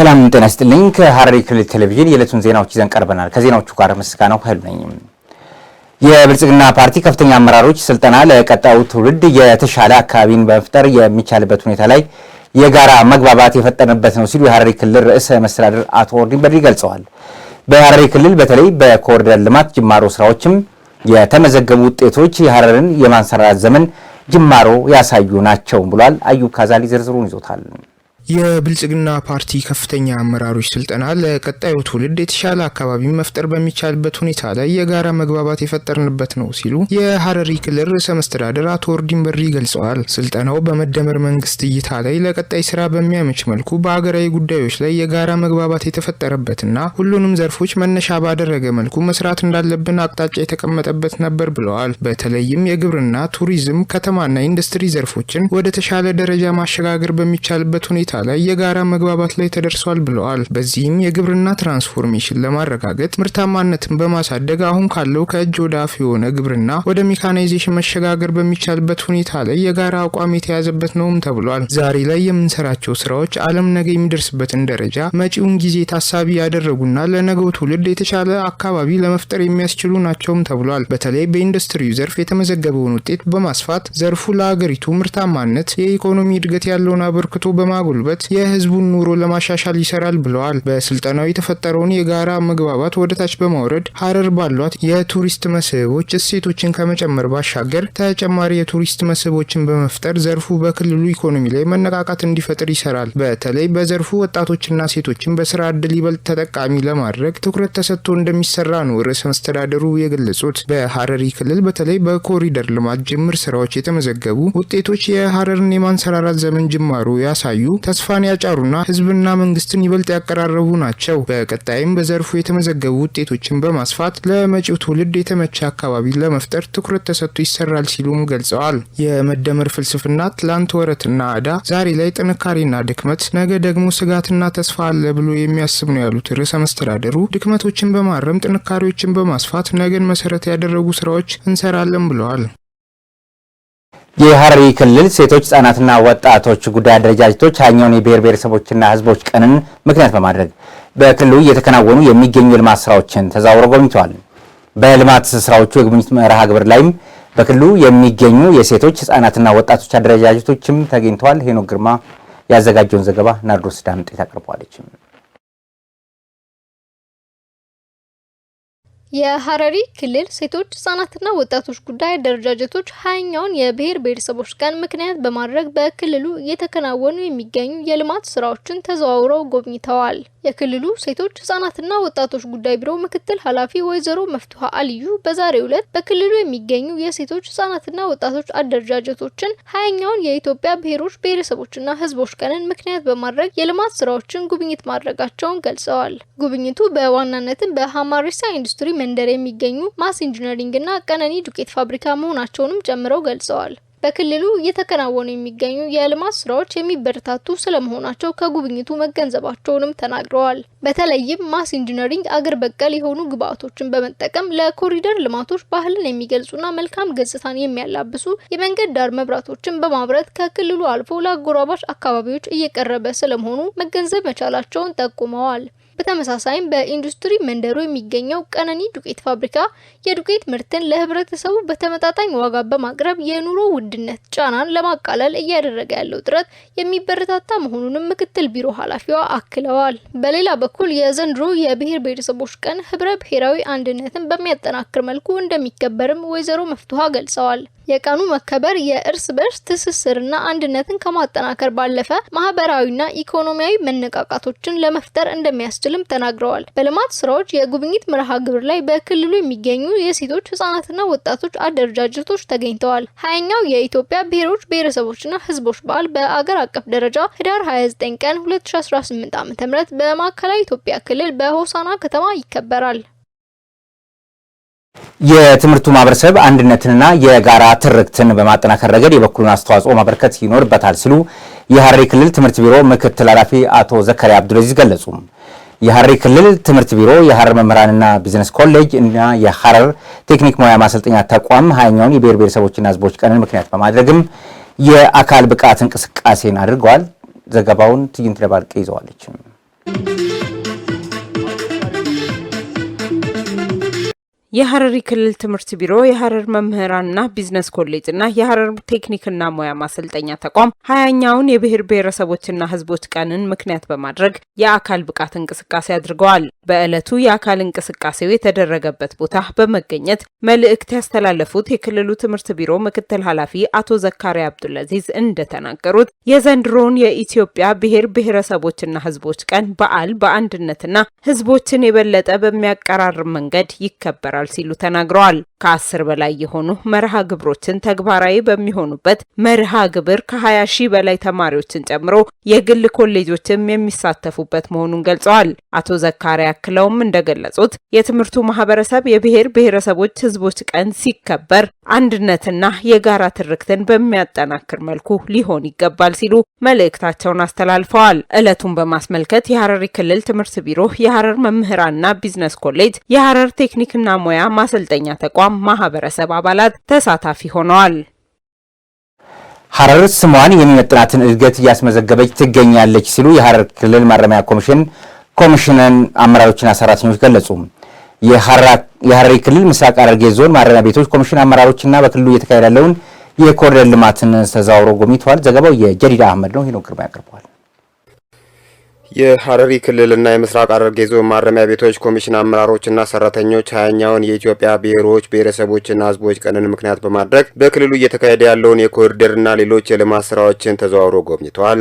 ሰላም ጤና ይስጥልኝ። ከሐረሪ ክልል ቴሌቪዥን የዕለቱን ዜናዎች ይዘን ቀርበናል። ከዜናዎቹ ጋር ምስጋናው ኃይሉ ነኝ። የብልጽግና ፓርቲ ከፍተኛ አመራሮች ስልጠና ለቀጣዩ ትውልድ የተሻለ አካባቢን በመፍጠር የሚቻልበት ሁኔታ ላይ የጋራ መግባባት የፈጠነበት ነው ሲሉ የሐረሪ ክልል ርዕሰ መስተዳድር አቶ ኦርዲን በድሪ ገልጸዋል። በሐረሪ ክልል በተለይ በኮሪደር ልማት ጅማሮ ስራዎችም የተመዘገቡ ውጤቶች የሐረርን የማንሰራራት ዘመን ጅማሮ ያሳዩ ናቸው ብሏል። አዩብ ካዛሊ ዝርዝሩን ይዞታል። የብልጽግና ፓርቲ ከፍተኛ አመራሮች ስልጠና ለቀጣዩ ትውልድ የተሻለ አካባቢ መፍጠር በሚቻልበት ሁኔታ ላይ የጋራ መግባባት የፈጠርንበት ነው ሲሉ የሀረሪ ክልል ርዕሰ መስተዳደር አቶ ኦርዲን በድሪ ገልጸዋል። ስልጠናው በመደመር መንግስት እይታ ላይ ለቀጣይ ስራ በሚያመች መልኩ በሀገራዊ ጉዳዮች ላይ የጋራ መግባባት የተፈጠረበትና ሁሉንም ዘርፎች መነሻ ባደረገ መልኩ መስራት እንዳለብን አቅጣጫ የተቀመጠበት ነበር ብለዋል። በተለይም የግብርና ቱሪዝም፣ ከተማና ኢንዱስትሪ ዘርፎችን ወደ ተሻለ ደረጃ ማሸጋገር በሚቻልበት ሁኔታ ላይ የጋራ መግባባት ላይ ተደርሷል ብለዋል። በዚህም የግብርና ትራንስፎርሜሽን ለማረጋገጥ ምርታማነትን በማሳደግ አሁን ካለው ከእጅ ወደ አፍ የሆነ ግብርና ወደ ሜካናይዜሽን መሸጋገር በሚቻልበት ሁኔታ ላይ የጋራ አቋም የተያዘበት ነውም ተብሏል። ዛሬ ላይ የምንሰራቸው ስራዎች ዓለም ነገ የሚደርስበትን ደረጃ መጪውን ጊዜ ታሳቢ ያደረጉና ለነገው ትውልድ የተሻለ አካባቢ ለመፍጠር የሚያስችሉ ናቸውም ተብሏል። በተለይ በኢንዱስትሪው ዘርፍ የተመዘገበውን ውጤት በማስፋት ዘርፉ ለሀገሪቱ ምርታማነት የኢኮኖሚ እድገት ያለውን አበርክቶ በማጎልበት በማጎልበት የህዝቡን ኑሮ ለማሻሻል ይሰራል ብለዋል። በስልጠናው የተፈጠረውን የጋራ መግባባት ወደታች በማውረድ ሀረር ባሏት የቱሪስት መስህቦች እሴቶችን ከመጨመር ባሻገር ተጨማሪ የቱሪስት መስህቦችን በመፍጠር ዘርፉ በክልሉ ኢኮኖሚ ላይ መነቃቃት እንዲፈጥር ይሰራል። በተለይ በዘርፉ ወጣቶችና ሴቶችን በስራ እድል ይበልጥ ተጠቃሚ ለማድረግ ትኩረት ተሰጥቶ እንደሚሰራ ነው ርዕሰ መስተዳደሩ የገለጹት። በሀረሪ ክልል በተለይ በኮሪደር ልማት ጅምር ስራዎች የተመዘገቡ ውጤቶች የሀረርን የማንሰራራት ዘመን ጅማሮ ያሳዩ ተስፋን ያጫሩና ህዝብና መንግስትን ይበልጥ ያቀራረቡ ናቸው። በቀጣይም በዘርፉ የተመዘገቡ ውጤቶችን በማስፋት ለመጪው ትውልድ የተመቸ አካባቢ ለመፍጠር ትኩረት ተሰጥቶ ይሰራል ሲሉም ገልጸዋል። የመደመር ፍልስፍና ትላንት ወረትና ዕዳ፣ ዛሬ ላይ ጥንካሬና ድክመት፣ ነገ ደግሞ ስጋትና ተስፋ አለ ብሎ የሚያስብ ነው ያሉት ርዕሰ መስተዳደሩ ድክመቶችን በማረም ጥንካሬዎችን በማስፋት ነገን መሰረት ያደረጉ ስራዎች እንሰራለን ብለዋል። የሐረሪ ክልል ሴቶች ህጻናትና ወጣቶች ጉዳይ አደረጃጀቶች ሀያኛውን የብሔር ብሔረሰቦችና ህዝቦች ቀንን ምክንያት በማድረግ በክልሉ እየተከናወኑ የሚገኙ የልማት ስራዎችን ተዛውሮ ጎብኝተዋል። በልማት ስራዎቹ የጉብኝት መርሃ ግብር ላይም በክልሉ የሚገኙ የሴቶች ህጻናትና ወጣቶች አደረጃጀቶችም ተገኝተዋል። ሄኖክ ግርማ ያዘጋጀውን ዘገባ ናርዶስ ዳምጤ አቅርበዋለችም። የሀረሪ ክልል ሴቶች ህጻናትና ወጣቶች ጉዳይ አደረጃጀቶች ሀያኛውን የብሔር ብሔረሰቦች ቀን ምክንያት በማድረግ በክልሉ እየተከናወኑ የሚገኙ የልማት ስራዎችን ተዘዋውረው ጎብኝተዋል። የክልሉ ሴቶች ህጻናትና ወጣቶች ጉዳይ ቢሮ ምክትል ኃላፊ ወይዘሮ መፍቱሃ አልዩ በዛሬው ዕለት በክልሉ የሚገኙ የሴቶች ህጻናትና ወጣቶች አደረጃጀቶችን ሀያኛውን የኢትዮጵያ ብሔሮች ብሔረሰቦችና ህዝቦች ቀንን ምክንያት በማድረግ የልማት ስራዎችን ጉብኝት ማድረጋቸውን ገልጸዋል። ጉብኝቱ በዋናነትም በሀማሪሳ ኢንዱስትሪ መንደር የሚገኙ ማስ ኢንጂነሪንግና ቀነኒ ዱቄት ፋብሪካ መሆናቸውንም ጨምረው ገልጸዋል። በክልሉ እየተከናወኑ የሚገኙ የልማት ስራዎች የሚበረታቱ ስለመሆናቸው ከጉብኝቱ መገንዘባቸውንም ተናግረዋል። በተለይም ማስ ኢንጂነሪንግ አገር በቀል የሆኑ ግብአቶችን በመጠቀም ለኮሪደር ልማቶች ባህልን የሚገልጹና መልካም ገጽታን የሚያላብሱ የመንገድ ዳር መብራቶችን በማምረት ከክልሉ አልፎ ለአጎራባች አካባቢዎች እየቀረበ ስለመሆኑ መገንዘብ መቻላቸውን ጠቁመዋል። በተመሳሳይም በኢንዱስትሪ መንደሩ የሚገኘው ቀነኒ ዱቄት ፋብሪካ የዱቄት ምርትን ለህብረተሰቡ በተመጣጣኝ ዋጋ በማቅረብ የኑሮ ውድነት ጫናን ለማቃለል እያደረገ ያለው ጥረት የሚበረታታ መሆኑንም ምክትል ቢሮ ኃላፊዋ አክለዋል። በሌላ በኩል የዘንድሮ የብሔር ብሔረሰቦች ቀን ህብረ ብሔራዊ አንድነትን በሚያጠናክር መልኩ እንደሚከበርም ወይዘሮ መፍትሀ ገልጸዋል። የቀኑ መከበር የእርስ በርስ ትስስርና አንድነትን ከማጠናከር ባለፈ ማህበራዊና ኢኮኖሚያዊ መነቃቃቶችን ለመፍጠር እንደሚያስችልም ተናግረዋል። በልማት ስራዎች የጉብኝት መርሃ ግብር ላይ በክልሉ የሚገኙ የሴቶች ህጻናትና ወጣቶች አደረጃጀቶች ተገኝተዋል። ሀያኛው የኢትዮጵያ ብሔሮች ብሔረሰቦችና ህዝቦች በዓል በአገር አቀፍ ደረጃ ህዳር 29 ቀን 2018 ዓ.ም በማዕከላዊ ኢትዮጵያ ክልል በሆሳና ከተማ ይከበራል። የትምህርቱ ማህበረሰብ አንድነትንና የጋራ ትርክትን በማጠናከር ረገድ የበኩሉን አስተዋጽኦ ማበረከት ይኖርበታል ሲሉ የሐረሪ ክልል ትምህርት ቢሮ ምክትል ኃላፊ አቶ ዘከሪያ አብዱልዚዝ ገለጹ። የሐረሪ ክልል ትምህርት ቢሮ የሐረር መምህራንና ቢዝነስ ኮሌጅ እና የሐረር ቴክኒክ ሙያ ማሰልጠኛ ተቋም ሀያኛውን የብሔር ብሔረሰቦችና ህዝቦች ቀንን ምክንያት በማድረግም የአካል ብቃት እንቅስቃሴን አድርገዋል። ዘገባውን ትዕይንት ደባልቅ ይዘዋለች። የሀረሪ ክልል ትምህርት ቢሮ የሀረር መምህራንና ቢዝነስ ኮሌጅና የሀረር ቴክኒክና ሙያ ማሰልጠኛ ተቋም ሀያኛውን የብሔር ብሔረሰቦችና ሕዝቦች ቀንን ምክንያት በማድረግ የአካል ብቃት እንቅስቃሴ አድርገዋል። በዕለቱ የአካል እንቅስቃሴው የተደረገበት ቦታ በመገኘት መልእክት ያስተላለፉት የክልሉ ትምህርት ቢሮ ምክትል ኃላፊ አቶ ዘካሪያ አብዱልአዚዝ እንደተናገሩት የዘንድሮውን የኢትዮጵያ ብሔር ብሔረሰቦችና ሕዝቦች ቀን በዓል በአንድነትና ሕዝቦችን የበለጠ በሚያቀራርብ መንገድ ይከበራል ይጀምራል ሲሉ ተናግረዋል። ከአስር በላይ የሆኑ መርሃ ግብሮችን ተግባራዊ በሚሆኑበት መርሃ ግብር ከ20 ሺህ በላይ ተማሪዎችን ጨምሮ የግል ኮሌጆችም የሚሳተፉበት መሆኑን ገልጸዋል። አቶ ዘካሪያ አክለውም እንደገለጹት የትምህርቱ ማህበረሰብ የብሔር ብሔረሰቦች ህዝቦች ቀን ሲከበር አንድነትና የጋራ ትርክትን በሚያጠናክር መልኩ ሊሆን ይገባል ሲሉ መልእክታቸውን አስተላልፈዋል። ዕለቱን በማስመልከት የሐረሪ ክልል ትምህርት ቢሮ፣ የሐረር መምህራንና ቢዝነስ ኮሌጅ፣ የሐረር ቴክኒክና ሙያ ማሰልጠኛ ተቋም ማህበረሰብ አባላት ተሳታፊ ሆነዋል። ሀረር ስሟን የሚመጥናትን እድገት እያስመዘገበች ትገኛለች ሲሉ የሀረር ክልል ማረሚያ ኮሚሽን ኮሚሽነን አመራሮችና ሰራተኞች ገለጹ። የሀረሪ ክልል ምስራቅ ሐረርጌ ዞን ማረሚያ ቤቶች ኮሚሽን አመራሮችና በክልሉ እየተካሄደ ያለውን የኮሪደር ልማትን ተዘዋውሮ ጎብኝተዋል። ዘገባው የጀዲዳ አህመድ ነው። ሄኖክ ግርማ ያቀርበዋል። የሐረሪ ክልልና የምስራቅ ሐረርጌ ዞን ማረሚያ ቤቶች ኮሚሽን አመራሮችና ሰራተኞች ሀያኛውን የኢትዮጵያ ብሔሮች ብሔረሰቦችና ሕዝቦች ቀንን ምክንያት በማድረግ በክልሉ እየተካሄደ ያለውን የኮሪደርና ሌሎች የልማት ስራዎችን ተዘዋውሮ ጎብኝተዋል።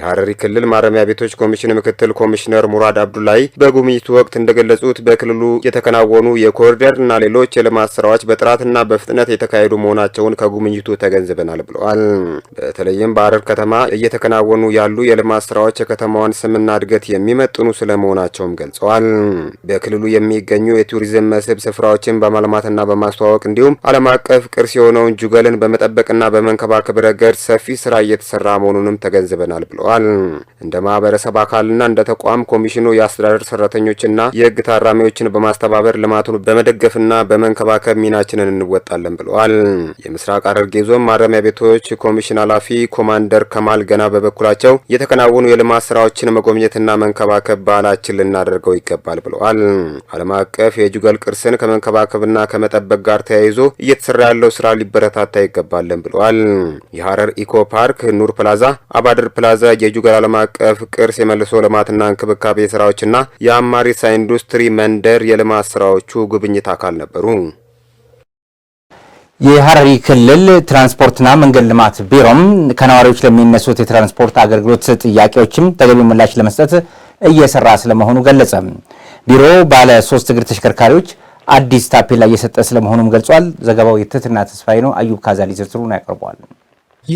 የሐረሪ ክልል ማረሚያ ቤቶች ኮሚሽን ምክትል ኮሚሽነር ሙራድ አብዱላይ በጉብኝቱ ወቅት እንደገለጹት በክልሉ የተከናወኑ የኮሪደርና ሌሎች የልማት ስራዎች በጥራትና በፍጥነት የተካሄዱ መሆናቸውን ከጉብኝቱ ተገንዝበናል ብለዋል። በተለይም በሐረር ከተማ እየተከናወኑ ያሉ የልማት ስራዎች የከተማዋን ስምና ሰላምና እድገት የሚመጥኑ ስለመሆናቸውም ገልጸዋል። በክልሉ የሚገኙ የቱሪዝም መስህብ ስፍራዎችን በማልማትና በማስተዋወቅ እንዲሁም ዓለም አቀፍ ቅርስ የሆነውን ጁገልን በመጠበቅና በመንከባከብ ረገድ ሰፊ ስራ እየተሰራ መሆኑንም ተገንዝበናል ብለዋል። እንደ ማህበረሰብ አካልና እንደ ተቋም ኮሚሽኑ የአስተዳደር ሰራተኞችና የህግ ታራሚዎችን በማስተባበር ልማቱን በመደገፍና በመንከባከብ ሚናችንን እንወጣለን ብለዋል። የምስራቅ ሐረርጌ ዞን ማረሚያ ቤቶች ኮሚሽን ኃላፊ ኮማንደር ከማል ገና በበኩላቸው የተከናወኑ የልማት ስራዎችን መጎ መጎብኘትና መንከባከብ ባህላችን ልናደርገው ይገባል ብለዋል። ዓለም አቀፍ የጁገል ቅርስን ከመንከባከብና ከመጠበቅ ጋር ተያይዞ እየተሰራ ያለው ስራ ሊበረታታ ይገባለን ብለዋል። የሐረር ኢኮ ፓርክ፣ ኑር ፕላዛ፣ አባድር ፕላዛ የጁገል ዓለም አቀፍ ቅርስ የመልሶ ልማትና እንክብካቤ ስራዎችና የአማሪሳ ኢንዱስትሪ መንደር የልማት ስራዎቹ ጉብኝት አካል ነበሩ። የሐረሪ ክልል ትራንስፖርትና መንገድ ልማት ቢሮም ከነዋሪዎች ለሚነሱት የትራንስፖርት አገልግሎት ጥያቄዎችም ተገቢ ምላሽ ለመስጠት እየሰራ ስለመሆኑ ገለጸ። ቢሮ ባለ ሶስት እግር ተሽከርካሪዎች አዲስ ታፔላ እየሰጠ ስለመሆኑም ገልጿል። ዘገባው የትትና ተስፋዬ ነው። አዩብ ካዛሊ ዝርዝሩን ያቀርበዋል።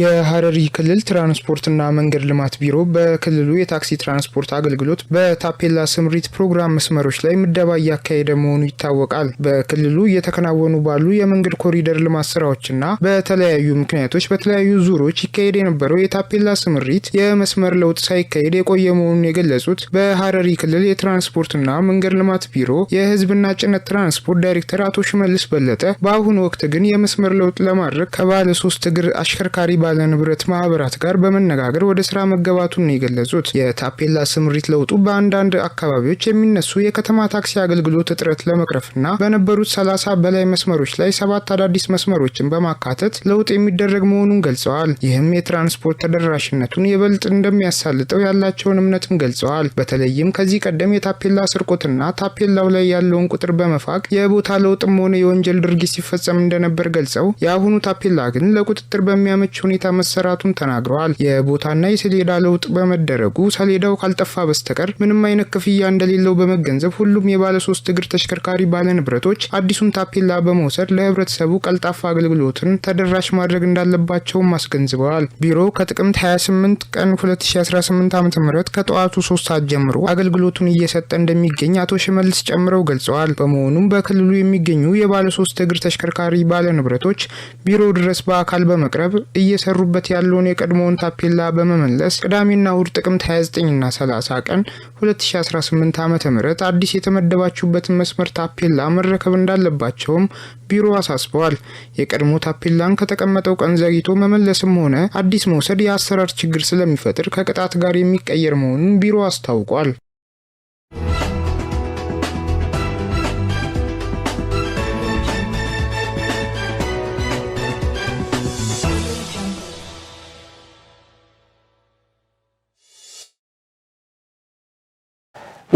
የሀረሪ ክልል ትራንስፖርትና መንገድ ልማት ቢሮ በክልሉ የታክሲ ትራንስፖርት አገልግሎት በታፔላ ስምሪት ፕሮግራም መስመሮች ላይ ምደባ እያካሄደ መሆኑ ይታወቃል። በክልሉ እየተከናወኑ ባሉ የመንገድ ኮሪደር ልማት ስራዎችና በተለያዩ ምክንያቶች በተለያዩ ዙሮች ይካሄድ የነበረው የታፔላ ስምሪት የመስመር ለውጥ ሳይካሄድ የቆየ መሆኑን የገለጹት በሀረሪ ክልል የትራንስፖርትና መንገድ ልማት ቢሮ የህዝብና ጭነት ትራንስፖርት ዳይሬክተር አቶ ሽመልስ በለጠ በአሁኑ ወቅት ግን የመስመር ለውጥ ለማድረግ ከባለ ሶስት እግር አሽከርካሪ ባለንብረት ማህበራት ጋር በመነጋገር ወደ ስራ መገባቱን ነው የገለጹት። የታፔላ ስምሪት ለውጡ በአንዳንድ አካባቢዎች የሚነሱ የከተማ ታክሲ አገልግሎት እጥረት ለመቅረፍና በነበሩት ሰላሳ በላይ መስመሮች ላይ ሰባት አዳዲስ መስመሮችን በማካተት ለውጥ የሚደረግ መሆኑን ገልጸዋል። ይህም የትራንስፖርት ተደራሽነቱን ይበልጥ እንደሚያሳልጠው ያላቸውን እምነትም ገልጸዋል። በተለይም ከዚህ ቀደም የታፔላ ስርቆትና ታፔላው ላይ ያለውን ቁጥር በመፋቅ የቦታ ለውጥም ሆነ የወንጀል ድርጊት ሲፈጸም እንደነበር ገልጸው የአሁኑ ታፔላ ግን ለቁጥጥር በሚያመች ሁኔታ መሰራቱን ተናግረዋል። የቦታና የሰሌዳ ለውጥ በመደረጉ ሰሌዳው ካልጠፋ በስተቀር ምንም አይነት ክፍያ እንደሌለው በመገንዘብ ሁሉም የባለ ሶስት እግር ተሽከርካሪ ባለ ንብረቶች አዲሱን ታፔላ በመውሰድ ለህብረተሰቡ ቀልጣፋ አገልግሎትን ተደራሽ ማድረግ እንዳለባቸውም አስገንዝበዋል። ቢሮ ከጥቅምት 28 ቀን 2018 ዓ ም ከጠዋቱ 3 ሰዓት ጀምሮ አገልግሎቱን እየሰጠ እንደሚገኝ አቶ ሽመልስ ጨምረው ገልጸዋል። በመሆኑም በክልሉ የሚገኙ የባለ ሶስት እግር ተሽከርካሪ ባለ ንብረቶች ቢሮ ድረስ በአካል በመቅረብ እየ እየሰሩበት ያለውን የቀድሞውን ታፔላ በመመለስ ቅዳሜና እሁድ ጥቅምት 29ና 30 ቀን 2018 ዓ ም አዲስ የተመደባችሁበትን መስመር ታፔላ መረከብ እንዳለባቸውም ቢሮ አሳስበዋል። የቀድሞ ታፔላን ከተቀመጠው ቀን ዘግይቶ መመለስም ሆነ አዲስ መውሰድ የአሰራር ችግር ስለሚፈጥር ከቅጣት ጋር የሚቀየር መሆኑን ቢሮ አስታውቋል።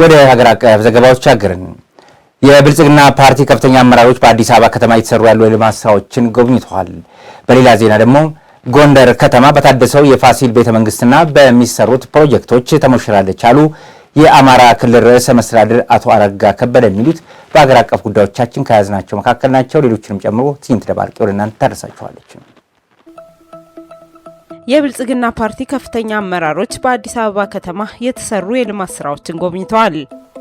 ወደ ሀገር አቀፍ ዘገባዎች አገርን። የብልጽግና ፓርቲ ከፍተኛ አመራሮች በአዲስ አበባ ከተማ የተሰሩ ያሉ የልማት ስራዎችን ጎብኝተዋል። በሌላ ዜና ደግሞ ጎንደር ከተማ በታደሰው የፋሲል ቤተ መንግስትና በሚሰሩት ፕሮጀክቶች ተሞሽራለች አሉ የአማራ ክልል ርዕሰ መስተዳድር አቶ አረጋ ከበደ የሚሉት በሀገር አቀፍ ጉዳዮቻችን ከያዝናቸው መካከል ናቸው። ሌሎችንም ጨምሮ ትይንት ደባርቂ ወደ እናንተ ታደርሳችኋለች። የብልጽግና ፓርቲ ከፍተኛ አመራሮች በአዲስ አበባ ከተማ የተሰሩ የልማት ስራዎችን ጎብኝተዋል።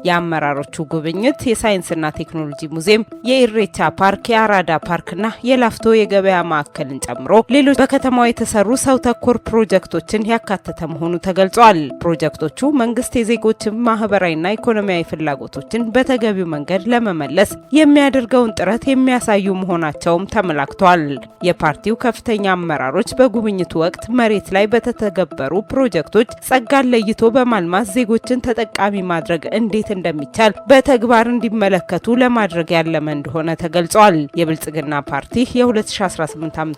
የአመራሮቹ ጉብኝት የሳይንስና ቴክኖሎጂ ሙዚየም፣ የኢሬቻ ፓርክ፣ የአራዳ ፓርክና የላፍቶ የገበያ ማዕከልን ጨምሮ ሌሎች በከተማው የተሰሩ ሰው ተኮር ፕሮጀክቶችን ያካተተ መሆኑ ተገልጿል። ፕሮጀክቶቹ መንግስት የዜጎችን ማህበራዊና ኢኮኖሚያዊ ፍላጎቶችን በተገቢው መንገድ ለመመለስ የሚያደርገውን ጥረት የሚያሳዩ መሆናቸውም ተመላክቷል። የፓርቲው ከፍተኛ አመራሮች በጉብኝቱ ወቅት መሬት ላይ በተተገበሩ ፕሮጀክቶች ጸጋን ለይቶ በማልማት ዜጎችን ተጠቃሚ ማድረግ እንዴት እንደሚቻል በተግባር እንዲመለከቱ ለማድረግ ያለመ እንደሆነ ተገልጿል። የብልጽግና ፓርቲ የ2018 ዓ ም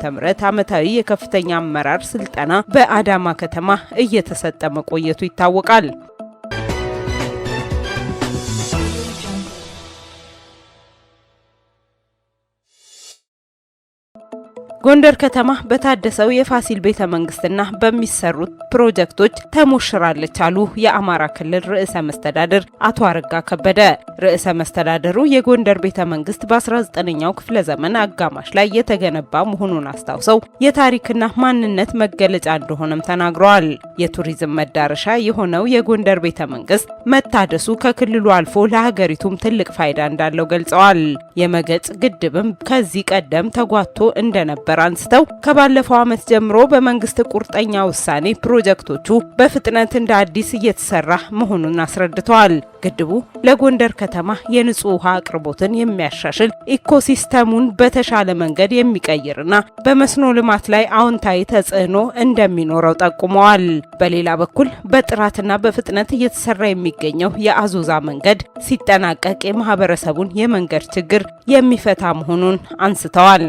ዓመታዊ የከፍተኛ አመራር ስልጠና በአዳማ ከተማ እየተሰጠ መቆየቱ ይታወቃል። ጎንደር ከተማ በታደሰው የፋሲል ቤተ መንግስትና በሚሰሩት ፕሮጀክቶች ተሞሽራለች አሉ የአማራ ክልል ርዕሰ መስተዳድር አቶ አረጋ ከበደ። ርዕሰ መስተዳድሩ የጎንደር ቤተ መንግስት በ19ኛው ክፍለ ዘመን አጋማሽ ላይ የተገነባ መሆኑን አስታውሰው የታሪክና ማንነት መገለጫ እንደሆነም ተናግረዋል። የቱሪዝም መዳረሻ የሆነው የጎንደር ቤተ መንግስት መታደሱ ከክልሉ አልፎ ለሀገሪቱም ትልቅ ፋይዳ እንዳለው ገልጸዋል። የመገጭ ግድብም ከዚህ ቀደም ተጓቶ እንደነበር እንደነበር አንስተው ከባለፈው ዓመት ጀምሮ በመንግስት ቁርጠኛ ውሳኔ ፕሮጀክቶቹ በፍጥነት እንደ አዲስ እየተሰራ መሆኑን አስረድተዋል። ግድቡ ለጎንደር ከተማ የንጹህ ውሃ አቅርቦትን የሚያሻሽል ኢኮሲስተሙን በተሻለ መንገድ የሚቀይርና በመስኖ ልማት ላይ አዎንታዊ ተጽዕኖ እንደሚኖረው ጠቁመዋል። በሌላ በኩል በጥራትና በፍጥነት እየተሰራ የሚገኘው የአዞዛ መንገድ ሲጠናቀቅ የማህበረሰቡን የመንገድ ችግር የሚፈታ መሆኑን አንስተዋል።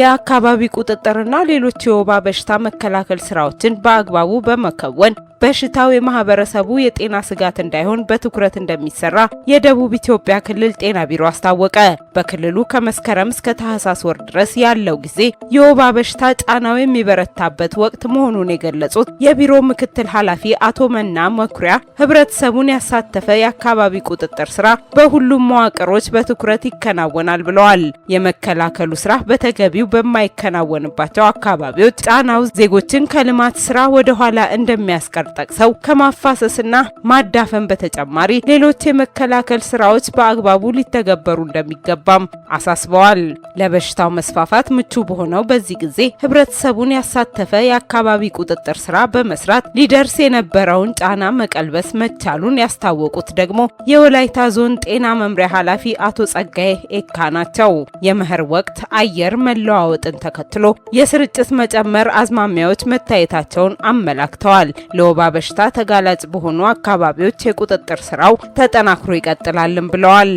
የአካባቢ ቁጥጥርና ሌሎች የወባ በሽታ መከላከል ስራዎችን በአግባቡ በመከወን በሽታው የማህበረሰቡ የጤና ስጋት እንዳይሆን በትኩረት እንደሚሰራ የደቡብ ኢትዮጵያ ክልል ጤና ቢሮ አስታወቀ። በክልሉ ከመስከረም እስከ ታህሳስ ወር ድረስ ያለው ጊዜ የወባ በሽታ ጫናው የሚበረታበት ወቅት መሆኑን የገለጹት የቢሮ ምክትል ኃላፊ አቶ መና መኩሪያ ህብረተሰቡን ያሳተፈ የአካባቢ ቁጥጥር ስራ በሁሉም መዋቅሮች በትኩረት ይከናወናል ብለዋል። የመከላከሉ ስራ በተገቢው በማይከናወንባቸው አካባቢዎች ጫናው ዜጎችን ከልማት ስራ ወደ ኋላ እንደሚያስቀር መፍጠር ጠቅሰው ከማፋሰስና ማዳፈን በተጨማሪ ሌሎች የመከላከል ስራዎች በአግባቡ ሊተገበሩ እንደሚገባም አሳስበዋል። ለበሽታው መስፋፋት ምቹ በሆነው በዚህ ጊዜ ህብረተሰቡን ያሳተፈ የአካባቢ ቁጥጥር ስራ በመስራት ሊደርስ የነበረውን ጫና መቀልበስ መቻሉን ያስታወቁት ደግሞ የወላይታ ዞን ጤና መምሪያ ኃላፊ አቶ ጸጋዬ ኤካ ናቸው። የመኸር ወቅት አየር መለዋወጥን ተከትሎ የስርጭት መጨመር አዝማሚያዎች መታየታቸውን አመላክተዋል። የወባ በሽታ ተጋላጭ በሆኑ አካባቢዎች የቁጥጥር ስራው ተጠናክሮ ይቀጥላልን ብለዋል።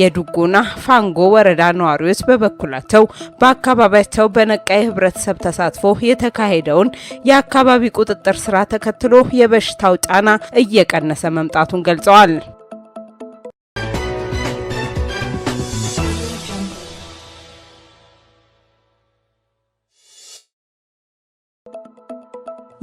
የዱጎና ፋንጎ ወረዳ ነዋሪዎች በበኩላቸው በአካባቢያቸው በነቃ የህብረተሰብ ተሳትፎ የተካሄደውን የአካባቢ ቁጥጥር ስራ ተከትሎ የበሽታው ጫና እየቀነሰ መምጣቱን ገልጸዋል።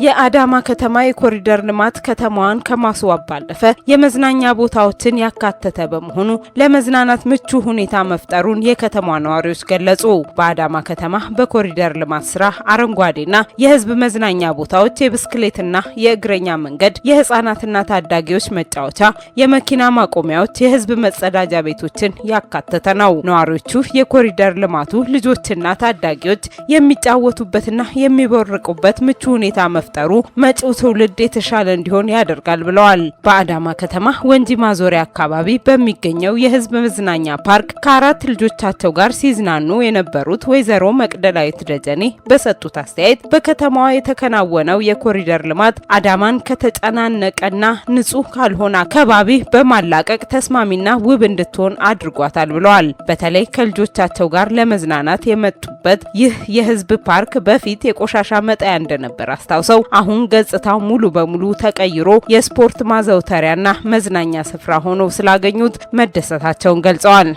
የአዳማ ከተማ የኮሪደር ልማት ከተማዋን ከማስዋብ ባለፈ የመዝናኛ ቦታዎችን ያካተተ በመሆኑ ለመዝናናት ምቹ ሁኔታ መፍጠሩን የከተማ ነዋሪዎች ገለጹ። በአዳማ ከተማ በኮሪደር ልማት ስራ አረንጓዴና የህዝብ መዝናኛ ቦታዎች፣ የብስክሌትና የእግረኛ መንገድ፣ የህፃናትና ታዳጊዎች መጫወቻ፣ የመኪና ማቆሚያዎች፣ የህዝብ መጸዳጃ ቤቶችን ያካተተ ነው። ነዋሪዎቹ የኮሪደር ልማቱ ልጆችና ታዳጊዎች የሚጫወቱበትና የሚቦርቁበት ምቹ ሁኔታ መፍጠ መፍጠሩ መጪው ትውልድ የተሻለ እንዲሆን ያደርጋል ብለዋል። በአዳማ ከተማ ወንጂ ማዞሪያ አካባቢ በሚገኘው የህዝብ መዝናኛ ፓርክ ከአራት ልጆቻቸው ጋር ሲዝናኑ የነበሩት ወይዘሮ መቅደላዊት ደጀኔ በሰጡት አስተያየት በከተማዋ የተከናወነው የኮሪደር ልማት አዳማን ከተጨናነቀና ንጹህ ካልሆነ አካባቢ በማላቀቅ ተስማሚና ውብ እንድትሆን አድርጓታል ብለዋል። በተለይ ከልጆቻቸው ጋር ለመዝናናት የመጡበት ይህ የህዝብ ፓርክ በፊት የቆሻሻ መጣያ እንደነበር አስታውሰው አሁን ገጽታው ሙሉ በሙሉ ተቀይሮ የስፖርት ማዘውተሪያና መዝናኛ ስፍራ ሆኖ ስላገኙት መደሰታቸውን ገልጸዋል።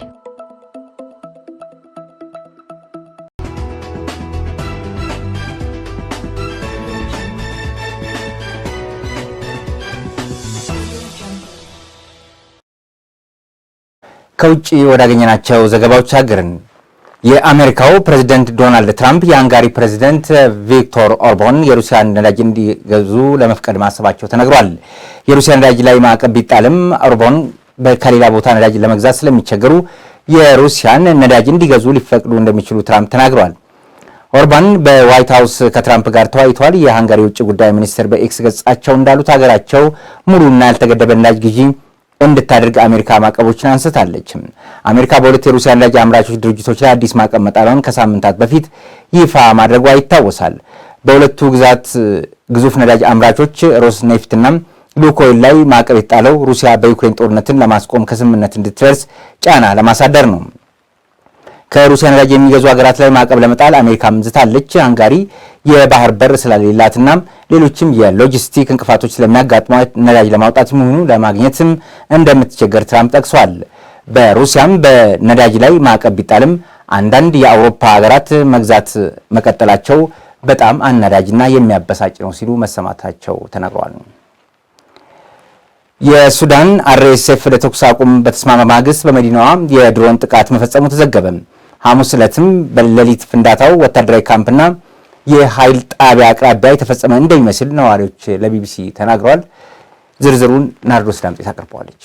ከውጭ ወዳገኘናቸው ዘገባዎች አገርን የአሜሪካው ፕሬዚደንት ዶናልድ ትራምፕ የሃንጋሪ ፕሬዚደንት ቪክቶር ኦርባን የሩሲያን ነዳጅ እንዲገዙ ለመፍቀድ ማሰባቸው ተነግሯል። የሩሲያ ነዳጅ ላይ ማዕቀብ ቢጣልም ኦርባን ከሌላ ቦታ ነዳጅ ለመግዛት ስለሚቸገሩ የሩሲያን ነዳጅ እንዲገዙ ሊፈቅዱ እንደሚችሉ ትራምፕ ተናግረዋል። ኦርባን በዋይት ሀውስ ከትራምፕ ጋር ተወያይተዋል። የሃንጋሪ ውጭ ጉዳይ ሚኒስትር በኤክስ ገጻቸው እንዳሉት ሀገራቸው ሙሉና ያልተገደበ ነዳጅ ግዢ እንድታደርግ አሜሪካ ማዕቀቦችን አንስታለች። አሜሪካ በሁለት የሩሲያ ነዳጅ አምራቾች ድርጅቶች ላይ አዲስ ማዕቀብ መጣሏን ከሳምንታት በፊት ይፋ ማድረጓ ይታወሳል። በሁለቱ ግዛት ግዙፍ ነዳጅ አምራቾች ሮስ ሉኮይል ላይ ማዕቀብ የጣለው ሩሲያ በዩክሬን ጦርነትን ለማስቆም ከስምምነት እንድትደርስ ጫና ለማሳደር ነው። ከሩሲያ ነዳጅ የሚገዙ ሀገራት ላይ ማዕቀብ ለመጣል አሜሪካም ዝታለች። ሃንጋሪ የባህር በር ስለሌላትና ሌሎችም የሎጂስቲክ እንቅፋቶች ስለሚያጋጥሟት ነዳጅ ለማውጣት መሆኑ ለማግኘትም እንደምትቸገር ትራምፕ ጠቅሷል። በሩሲያም በነዳጅ ላይ ማዕቀብ ቢጣልም አንዳንድ የአውሮፓ ሀገራት መግዛት መቀጠላቸው በጣም አናዳጅና የሚያበሳጭ ነው ሲሉ መሰማታቸው ተነግሯል። የሱዳን አርኤስኤፍ ለተኩስ አቁም በተስማማ ማግስት በመዲናዋ የድሮን ጥቃት መፈጸሙ ተዘገበ። ሐሙስ ዕለትም በሌሊት ፍንዳታው ወታደራዊ ካምፕና የኃይል ጣቢያ አቅራቢያ የተፈጸመ እንደሚመስል ነዋሪዎች ለቢቢሲ ተናግረዋል። ዝርዝሩን ናርዶስ ዳምጤት አቅርበዋለች።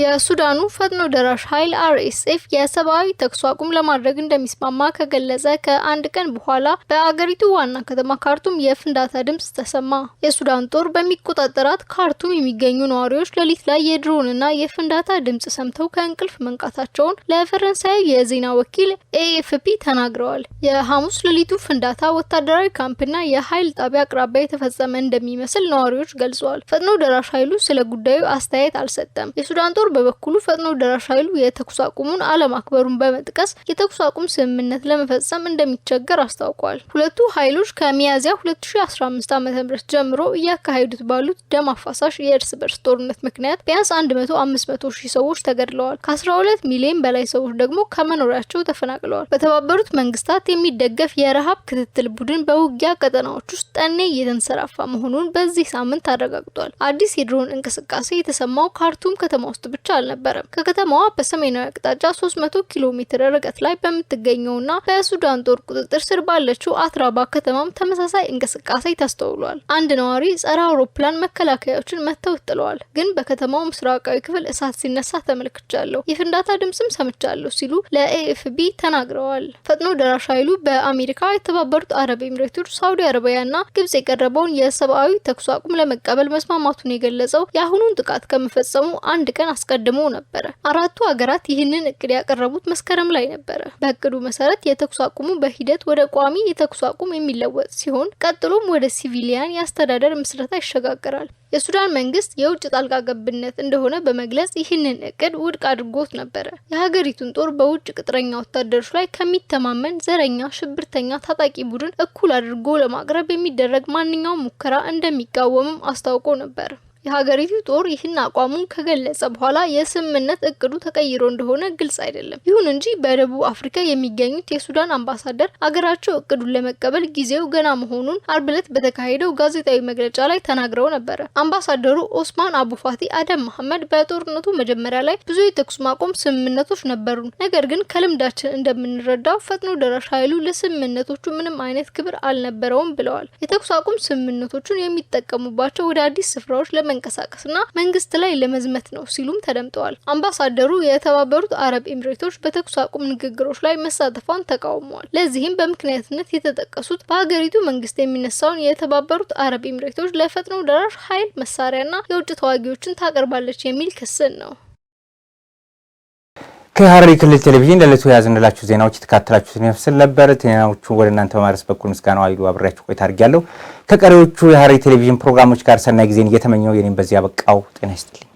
የሱዳኑ ፈጥኖ ደራሽ ኃይል አርኤስኤፍ የሰብአዊ ተኩስ አቁም ለማድረግ እንደሚስማማ ከገለጸ ከአንድ ቀን በኋላ በአገሪቱ ዋና ከተማ ካርቱም የፍንዳታ ድምፅ ተሰማ። የሱዳን ጦር በሚቆጣጠራት ካርቱም የሚገኙ ነዋሪዎች ሌሊት ላይ የድሮንና የፍንዳታ ድምፅ ሰምተው ከእንቅልፍ መንቃታቸውን ለፈረንሳይ የዜና ወኪል ኤኤፍፒ ተናግረዋል። የሐሙስ ሌሊቱ ፍንዳታ ወታደራዊ ካምፕና የኃይል ጣቢያ አቅራቢያ የተፈጸመ እንደሚመስል ነዋሪዎች ገልጸዋል። ፈጥኖ ደራሽ ኃይሉ ስለ ጉዳዩ አስተያየት አልሰጠም። የሱዳን ጦር በበኩሉ ፈጥኖ ደራሽ ኃይሉ የተኩስ አቁሙን አለማክበሩን በመጥቀስ የተኩስ አቁም ስምምነት ለመፈጸም እንደሚቸገር አስታውቋል። ሁለቱ ኃይሎች ከሚያዝያ 2015 ዓ.ም ጀምሮ እያካሄዱት ባሉት ደም አፋሳሽ የእርስ በርስ ጦርነት ምክንያት ቢያንስ 1500 ሺህ ሰዎች ተገድለዋል። ከ12 ሚሊዮን በላይ ሰዎች ደግሞ ከመኖሪያቸው ተፈናቅለዋል። በተባበሩት መንግስታት የሚደገፍ የረሃብ ክትትል ቡድን በውጊያ ቀጠናዎች ውስጥ ጠኔ እየተንሰራፋ መሆኑን በዚህ ሳምንት አረጋግጧል። አዲስ የድሮን እንቅስቃሴ የተሰማው ካርቱም ከተማ ውስጥ ብቻ አልነበረም። ከከተማዋ በሰሜናዊ አቅጣጫ 300 ኪሎ ሜትር ርቀት ላይ በምትገኘውና በሱዳን ጦር ቁጥጥር ስር ባለችው አትራባ ከተማም ተመሳሳይ እንቅስቃሴ ተስተውሏል። አንድ ነዋሪ ጸረ አውሮፕላን መከላከያዎችን መጥተው ጥለዋል፣ ግን በከተማው ምስራቃዊ ክፍል እሳት ሲነሳ ተመልክቻለሁ፣ የፍንዳታ ድምፅም ሰምቻለሁ ሲሉ ለኤኤፍቢ ተናግረዋል። ፈጥኖ ደራሽ ኃይሉ በአሜሪካ የተባበሩት አረብ ኤምሬቶች፣ ሳውዲ አረቢያና ግብጽ የቀረበውን የሰብአዊ ተኩስ አቁም ለመቀበል መስማማቱን የገለጸው የአሁኑን ጥቃት ከመፈጸሙ አንድ ቀን አስቀድሞ ነበረ። አራቱ ሀገራት ይህንን እቅድ ያቀረቡት መስከረም ላይ ነበረ። በእቅዱ መሰረት የተኩስ አቁሙ በሂደት ወደ ቋሚ የተኩስ አቁም የሚለወጥ ሲሆን ቀጥሎም ወደ ሲቪሊያን የአስተዳደር ምስረታ ይሸጋገራል። የሱዳን መንግስት የውጭ ጣልቃ ገብነት እንደሆነ በመግለጽ ይህንን እቅድ ውድቅ አድርጎት ነበረ። የሀገሪቱን ጦር በውጭ ቅጥረኛ ወታደሮች ላይ ከሚተማመን ዘረኛ፣ ሽብርተኛ ታጣቂ ቡድን እኩል አድርጎ ለማቅረብ የሚደረግ ማንኛውም ሙከራ እንደሚቃወምም አስታውቆ ነበር። የሀገሪቱ ጦር ይህን አቋሙን ከገለጸ በኋላ የስምምነት እቅዱ ተቀይሮ እንደሆነ ግልጽ አይደለም። ይሁን እንጂ በደቡብ አፍሪካ የሚገኙት የሱዳን አምባሳደር አገራቸው እቅዱን ለመቀበል ጊዜው ገና መሆኑን አርብ ዕለት በተካሄደው ጋዜጣዊ መግለጫ ላይ ተናግረው ነበረ። አምባሳደሩ ኦስማን አቡፋቲ አደም መሐመድ በጦርነቱ መጀመሪያ ላይ ብዙ የተኩስ ማቆም ስምምነቶች ነበሩን፣ ነገር ግን ከልምዳችን እንደምንረዳው ፈጥኖ ደራሽ ኃይሉ ለስምምነቶቹ ምንም አይነት ክብር አልነበረውም ብለዋል። የተኩስ አቁም ስምምነቶቹን የሚጠቀሙባቸው ወደ አዲስ ስፍራዎች ለመ መንቀሳቀስ መንግስት ላይ ለመዝመት ነው ሲሉም ተደምጠዋል። አምባሳደሩ የተባበሩት አረብ ኤምሬቶች በተኩስ አቁም ንግግሮች ላይ መሳተፏን ተቃውመዋል። ለዚህም በምክንያትነት የተጠቀሱት በሀገሪቱ መንግስት የሚነሳውን የተባበሩት አረብ ኤምሬቶች ለፈጥኖ ደራሽ ኃይል መሳሪያና የውጭ ተዋጊዎችን ታቀርባለች የሚል ክስን ነው። ከሐረሪ ክልል ቴሌቪዥን ለዕለቱ የያዝንላችሁ ዜናዎች የተካተላችሁትን ይመስል ነበር። ዜናዎቹ ወደ እናንተ በማድረስ በኩል ምስጋና አይሉ አብሬያችሁ ቆይታ አድርጌያለሁ። ከቀሪዎቹ የሐረሪ ቴሌቪዥን ፕሮግራሞች ጋር ሰናይ ጊዜን እየተመኘው የኔም በዚህ አበቃው። ጤና ይስጥልኝ።